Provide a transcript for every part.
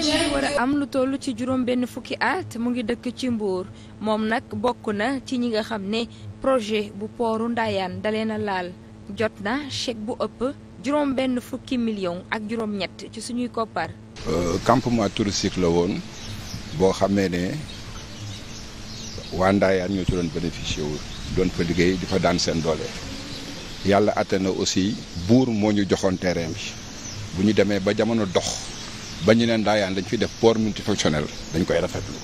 ji a am lu toll ci juróom benn fukki at mu ngi dëkk ci Mbour moom nag bokk na ci ñi nga xam ne projet bu pooru Ndayane dale na laal jot na chèque bu ëpp juróom benn fukki million ak juróom ñett ci suñuy koppar. Euh, campement touristique la woon boo xamee ne waa Ndayane ñoo ci doon bénéficié wu doon fa liggéey di fa daan seen doole yàlla atte na aussi buur moo ñu joxoon terrain bi bu ñu demee ba jamono dox. ba ñu neen daayaan dañ fiy def port multifonctionnel dañ koy rafetlu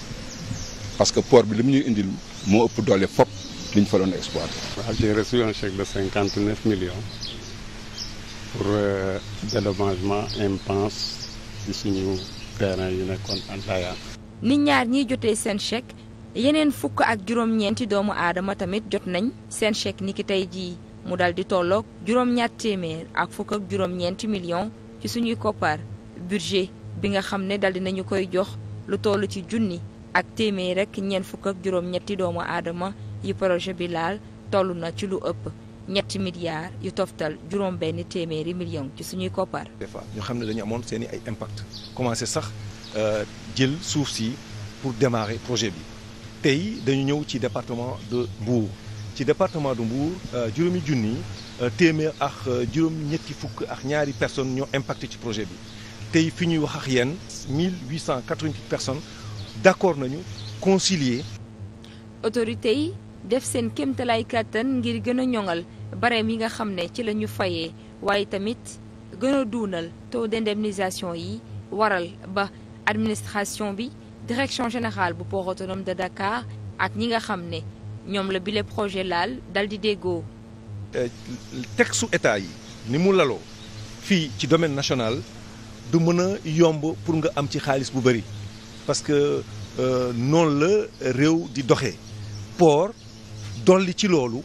parce que port bi li mu ñuy indil moo ëpp doole fop li ñu fa doon exploité. waaw j'ai reçu un chèque de cinquante neuf millions pour euh, dédommagement impense ci suñu terrain yi nekkoon Ndayane. ni ñaar ñiy jotee seen chèque yeneen fukk ak juróom-ñeenti doomu aadama tamit jot nañ seen chèque ni ki tey jii mu dal di tolloog juróom-ñaar téeméer ak fukk ak juróom-ñeenti millions ci suñuy koppar budget. bi nga xam ne dal nañu koy jox lu toll ci junni ak téeméer rek ñeent fukk ak juróom-ñetti doomu aadama yi projet bi laal toll na ci lu ëpp ñetti milliards yu toftal juróom benn téeméeri million ci suñuy koppar. des fois xam ne dañu amoon seeni ay impact commencé sax euh, jël suuf si pour démarrer projet bi tey dañu ñëw ci département de Mbour ci département de Mbour euh, juróomi junni euh, téeméer ak juróom fukk ak ñaari personnes ñoo impacté ci projet bi. tey fi ñuy wax ak yéen 1888 personnes d' accord nañu concilier. autorité yi def seen kéemtalaay kàttan ngir gën a ñoŋal barème yi nga xam ne ci la ñu fayee waaye tamit gën a duunal taux d' indemnisation yi waral ba administration bi direction générale bu port autonome de Dakar ak ñi nga xam ne ñoom la bile projet laal dal di déggoo. Euh, texte su état yi ni mu laloo fii ci domaine national. du mën a yomb pour nga am ci xaalis bu bëri parce que euh, noonu la réew di doxe port dolli ci loolu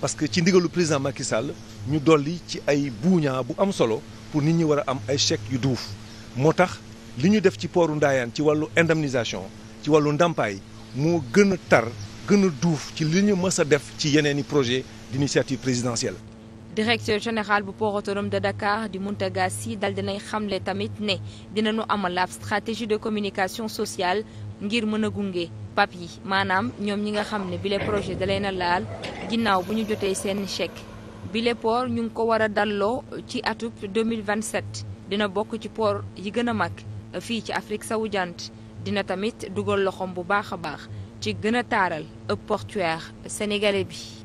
parce que ci ndigalu président Macky Sall ñu dolli ci ay buuñaa bu am solo pour nit ñi war a am ay chèques yu duuf moo tax li ñu def ci pooru Ndaayaan ci wàllu indemnisation ci wàllu ndàmpaay moo gën a tar gën a duuf ci li ñu mës a def ci yeneen i projet d'initiative présidentielle directeur général bu port autonome de Dakar di Mountaga Sy dal dinay xamle tamit ne dinañu amal ab stratégie de communication sociale ngir mën a gunge pap yi maanaam ñoom ñi nga xam ne bile projet da leen a laal ginnaaw bu ñu jotee seen chèque bile port ñu ngi ko war a dalloo ci atub 2027 dina bokk ci port yi gën a mag fii ci Afrique sowu jant dina tamit dugal loxoom bu baax a baax ci gën a taaral ëpp portuaire sénégalais bi